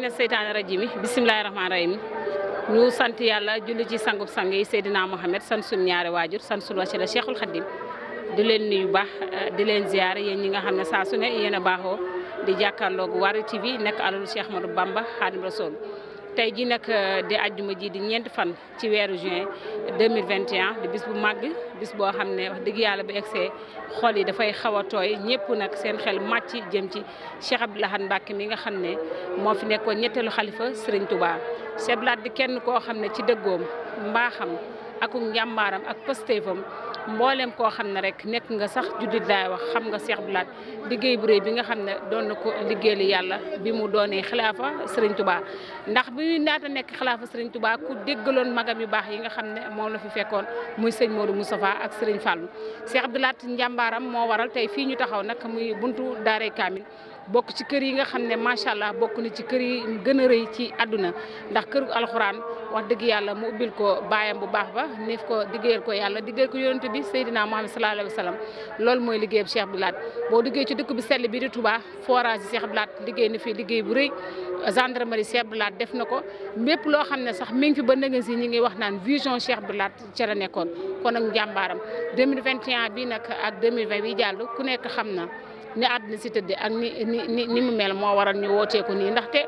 mina seytaane rajimi bisimilahi rahmaani rahim ñu sant yàlla julli ci sangub sang yi Seydina Mohamed sant suñu ñaari waajur sant suñu la Cheikhul Khadim di leen nuyu baax di leen ziar yéen ñi nga xam ne saa su ne yéen a baaxoo di jàkkaarloog Waarwi TV nekk alalu Cheikh Ahmadou Bamba Xaadim Rasool tey ji nag euh, di ajuma ji di ñeent fan ci weeru juin 2021 di bis bu màgg bis boo xam ne wax dëgg yàlla bu egsee xol yi dafay xaw a tooy ñëpp nag seen xel màcc jëm ci Cheikh Abdou Lahad Mbacké mi nga xam ne moo fi nekkoon ñetteelu xalifa Serigne Touba seblaat di kenn koo xam ne ci dëggoom mbaaxam akum njàmbaaram ak pëstéefam mbooleem koo xam ne rek nekk nga sax juddit laay wax xam nga seex Abdou Lahad liggéey bu rëy bi nga xam ne doon na ko liggéeyal yàlla bi mu doonee xilaafa Serigne Touba ndax bi naata nekk xilaafa Serigne Touba ku déggaloon magam yu baax yi nga xam ne moom la fi fekkoon muy sëñ mu Moustapha ak Serigne Fallou Cheikh Abdou Lahad njàmbaaram moo waral tey fii ñu taxaw nag muy buntu daaray Kaamil bokk ci kër yi nga xam ne macha allah bokk na ci kër yi gën a rëy ci àdduna ndax kër alxuraan wax dëgg yàlla mu ubbil ko baayam bu baax ba neef ko diggéeyal ko yàlla diggéeyal ko yonent bi Seydina Muhammad sallallahu alayhi wa sallam loolu mooy liggéeyam Cheikh Abdou Lahad boo liggéey ci dëkk bi sell bi di Touba forage yi Cheikh Abdou Lahad liggéey na fi liggéey bu rëy gendarmerie Cheikh Abdou Lahad def na ko bépp loo xam ne sax mi ngi fi ba nëgën si ñi ngi wax naan vision Cheikh Abdou Lahad ca la nekkoon kon ak njàmbaaram 2021 bi nag ak 2020 bi jàll ku nekk xam na ni àddina si tëdde ak ni ni ni mu mel moo waral ñu wooteeku nii ndaxte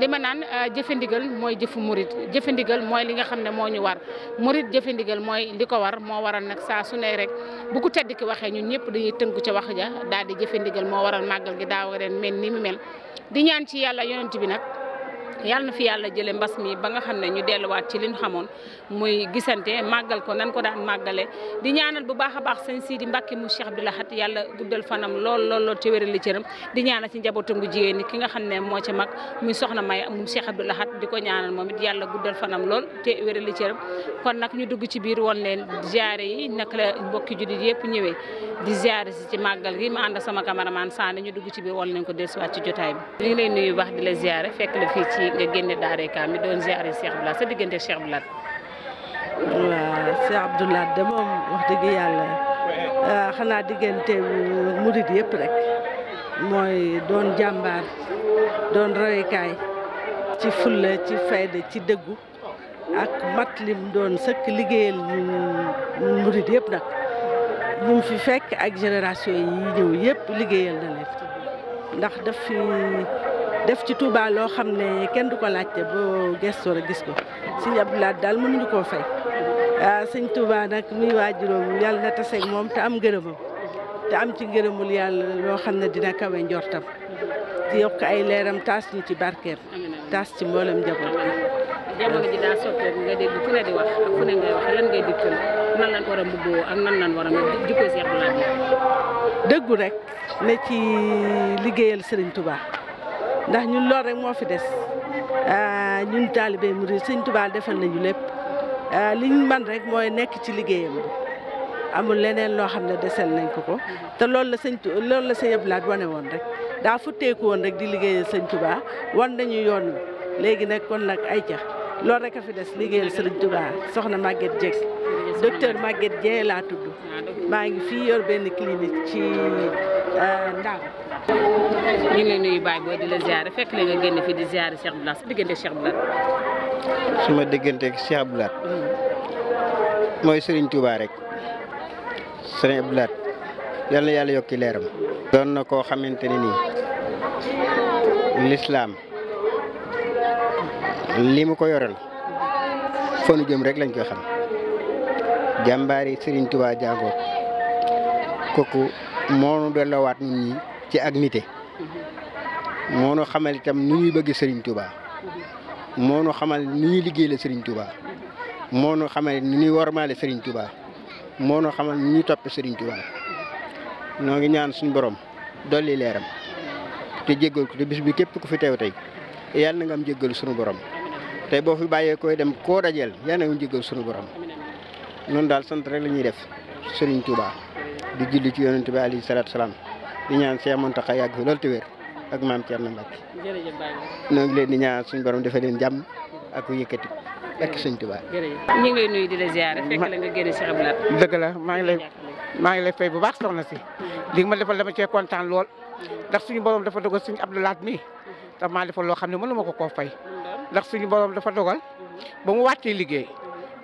li ma naan euh, jëfandigal mooy jëfu murit jëfandigal mooy li nga xam ne moo ñu war murit jëfandigal mooy li ko war moo waral nag saa su ne rek bu ko tedd ki waxee ñu ñëpp dañuy tënku ca wax ja daal di jëfandigal moo waral màggal gi daaw waree mel ni mu mel di ñaan ci yàlla yonent bi nag yàlla na fi yàlla jëlee mbas mi ba nga xam ne ñu delluwaat ci li ñu xamoon muy gisante màggal ko nan ko daan màggale di ñaanal bu baax a baax sëñ Sidi Mbàkke mu Cheikh Abdoul Ahad yàlla guddal fanam lool lool lool te wéral li cëram di ñaanal ci njabootam gu jigéen ñi ki nga xam ne moo ci mag muy soxna May mu Cheikh Abdoul Ahad di ko ñaanal moom yàlla guddal fanam lool te wéral li cëram kon nag ñu dugg ci biir woon leen ziare yi nak la mbokki di yëpp ñëwee di ziare si ci màggal gi ma ànd sama cameraman Sane ñu dugg ci biir woon leen ko dellusiwaat ci jotaay bi ñu lay nuyu baax di la ziare fekk la fii ci nga génne daaree kaamil doon ziare Cheikh Abdoul sa diggante Cheikh Abdoul Ahad. waaw Cheikh Abdoul wax dëgg yàlla ah, xanaa diggante murid yëpp rek mooy doon jàmbaar doon royukaay ci fulla ci fayda ci dëggu ak mat lim doon sëkk liggéeyal murid yëpp nag ñu fi fekk ak génération yi ñëw yëpp liggéeyal na leen ndax daf def ci Touba loo xam ne kenn du ko laajte boo gëstoo rek gis ko sëñ Abdou Lahad daal mënuñu koo fay ah sëñ Touba nag muy waajuróom yàlla na taseeg moom te am ngërëmam te am ci ngërëmul yàlla loo xam ne dina kawe njortam di yokk ay leeram taas ñu ci barkeem taas ci mboolem njaboot jamono ji daa soppeeku nga dégg ku ne di wax ak dëggu rek ne ci liggéeyal Serigne Touba ndax ñun lool rek moo fi des ah, ñun taalibe murid sëñ tubaa defal nañu lépp ah, liñ man rek mooy nekk ci liggéeyam bi amul leneen loo xam ne desel nañ ko ko te loolu la sëñ loolu la sëñ Abdou wane woon rek daa futteeku woon rek di liggéeyal sëñ Tuubaa wan nañu yoon léegi nag kon nag ay ca loolu rek a fi des liggéeyal sëriñ tubaa soxna Maguette Dieng docteur Maguette Dieng laa tudd maa ngi fii yor benn clinique ci Euh, ndaw ñu ngi lay nuyu baay boo suma diggante ak Cheikh Abdou Lahad. Mm-hmm. mooy Serigne Touba rek Serigne Abdou Lahad yal na yàlla yokki leeram. doon na koo xamante ne nii lislaam li mu ko yoral fa jëm rek lañ koy xam jàmbaari Serigne Touba jàngoo kooku. moonu delloowaat ñun ñi ci ak nite moonu xamal itam nu ñuy bëgg sëriñ Touba moonu xamal nu ñuy liggéey la sëriñ Touba moonu xamal nu ñuy wormaale sëriñ Touba moonu xamal nu ñuy topp sëriñ Touba noo ngi ñaan suñu borom dolli leeram te jéggal ko te bis bi képp ku fi teew tey yàlla na nga am jéggal suñu borom tey boo fi bàyyee koy dem koo dajeel yàlla na nga am jéggal suñu borom noonu daal sant rek la def sëriñ Touba di julli ci yonent bi alayhi salaatu salaam di ñaan Cheikh Mountakha yàgg fi loolu te wér ak maam Thierno Mbacke. jërëjëf Baye ñoo ngi leen di ñaan suñu borom defal leen jàmm ak yëkkati ak sëñ Tuubaa. ñu di la ziar fekk la nga génn la maa ngi lay maa ngi lay fay bu baax soxna si. li ma defal dama cee kontaan lool ndax suñu borom dafa dogal suñu Abdoulaat mi te maa defal loo xam ne mënuma ko koo fay ndax suñu borom dafa dogal ba mu wàccee liggéey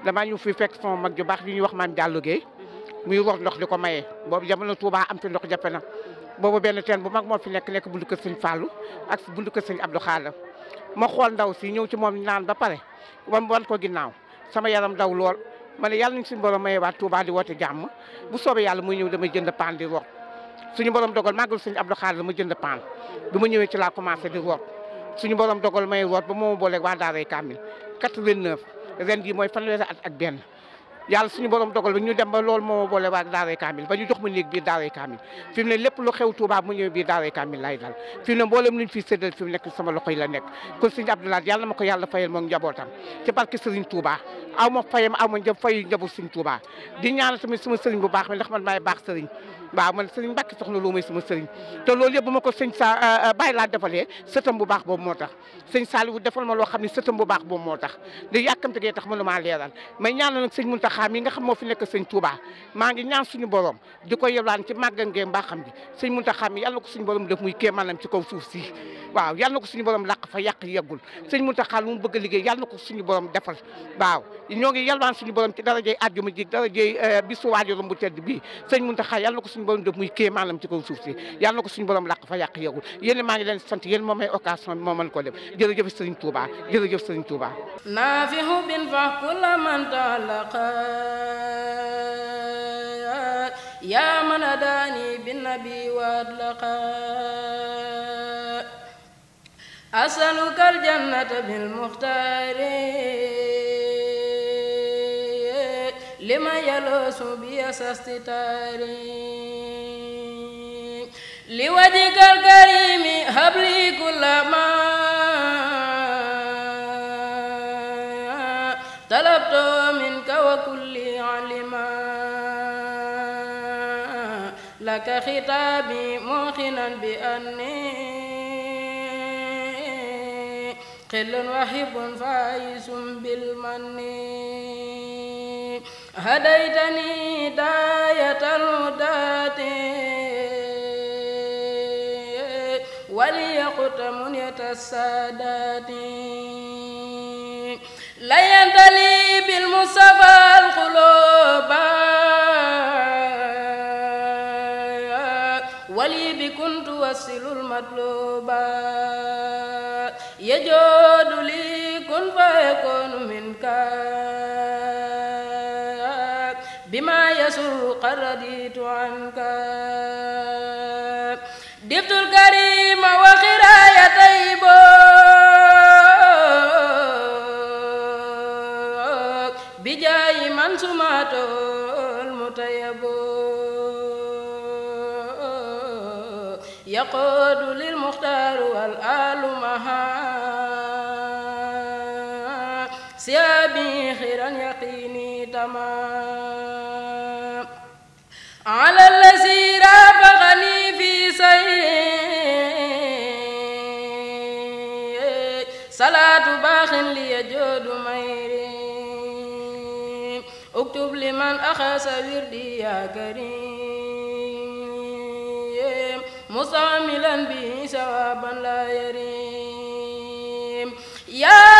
damaa ñu fi fekk sama mag ju baax yu ñuy wax maam Diallo muy war ndox di ko maye boobu jamono Touba am fi ndox jafe na boobu benn teen bu mag moo fi nekk nekk buntu kër sëñ Fallou ak buntu kër sëñ Abdou Khadre ma xool ndaw si ñëw ci moom ba pare wan wan ko ma ne yàlla nañ suñu borom maye waat Touba di woote jàmm bu soobee yàlla muy ñëw damay jënd paan di root suñu borom dogal màggal sëñ Abdou Khadre ma jënd paan bi ma ñëwee ci laa commencé di root suñu borom dogal may root ba mooma booleeg waa daaray Kamil 89 ren jii mooy fanweeri at ak benn yàlla suñu borom dogal ba ñu dem ba loolu moo boole waak daaray kaamil ba ñu jox mu néeg biir daaray kaamil fi mu ne lépp lu xew Touba mu ñëw biir daaray kaamil laay dal fi ne mboolem luñ fi séddal fi mu nekk sama loxo yi la nekk kon sëñ Abdoulaye yàlla ma ko yàlla fayal moom njabootam ci barke Serigne Touba aw ma fayam aw ma njab fayu njaboot Serigne Touba di ñaanal sama sëriñ bu baax mi ndax bu ma ko sëñ sa euh, euh, bàyyi bu baax boobu moo tax sëñ Saliou defal ma loo xam ne sëtam bu baax moo tax di yàkkamte gee tax mënumaa leeral mais Muntaxa mi nga xam moo fi nekk sëñ ma maa ngi ñaan suñu borom di ko yeblaan ci màggangeem mbaaxam bi sëñ Muntaxa mi yàlla ko suñu borom def muy kéemaanam ci kaw suuf si waaw yal na ko suñu borom làq fa yàq yeggul sëñ Muntaxa lu mu bëgg a yal na ko suñu borom defal waaw ñoo ngi yalwaan suñu borom ci dara jey àjjuma ji dara jey eh, bisu waajuram bu tedd bii sëñ Muntaxa yal na ko suñu borom def muy kéemaan lam ci kaw suuf si yal na ko suñu borom làq fa yàq yeggul yéen maa ngi leen sant yéen moom may occasion bi moo mën ko def jërëjëf sëriñ Touba jërëjëf sëriñ naafihu bin fa kulla man talaqa ya man adani أسألك الجنة بالمختار لما يلوس بيس استتاري لوجهك الكريم هب لي كل ما طلبت منك وكل علما لك خطابي موقنا بأني قل وحب فايس بالمن هديتني داية الهداة ولي قتم السادات لا ينتلي بالمصطفى القلوب ولي بكنت وصل المطلوب يجوز كن فيكون منك بما يسر قد رديت عنك دفت الكريم وخرايا طيب بجاي من سمعته المطيب يقود للمختار والآل مهاب سيابي خير اليقين تمام على الذي رافقني في سير صلاة باخ لي جود ميري اكتب لمن أخاس وردي يا كريم مستعملا به ثوابا لا يريم يا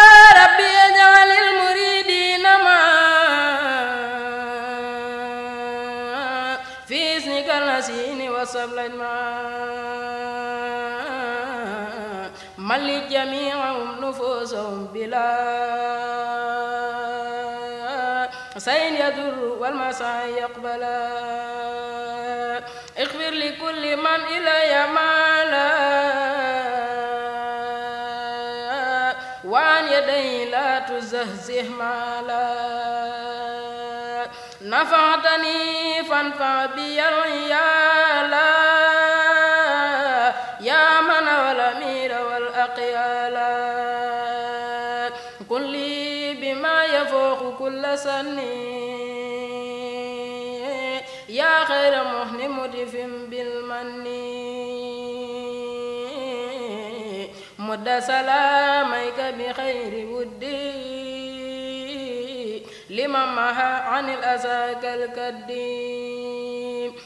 في سنك النسين وصبل الماء ملك جميعهم نفوسهم بلا سين يدر والمساء يقبلا اغفر لكل من إلي مالا وعن يدي لا تزهزه مالا نفعتني فانفع بي العيالا يا من والأمير والأقيالا كن لي بما يفوق كل سني يا خير محن مدف بالمني مد سلاميك بخير ممها عن الأزاك الكديم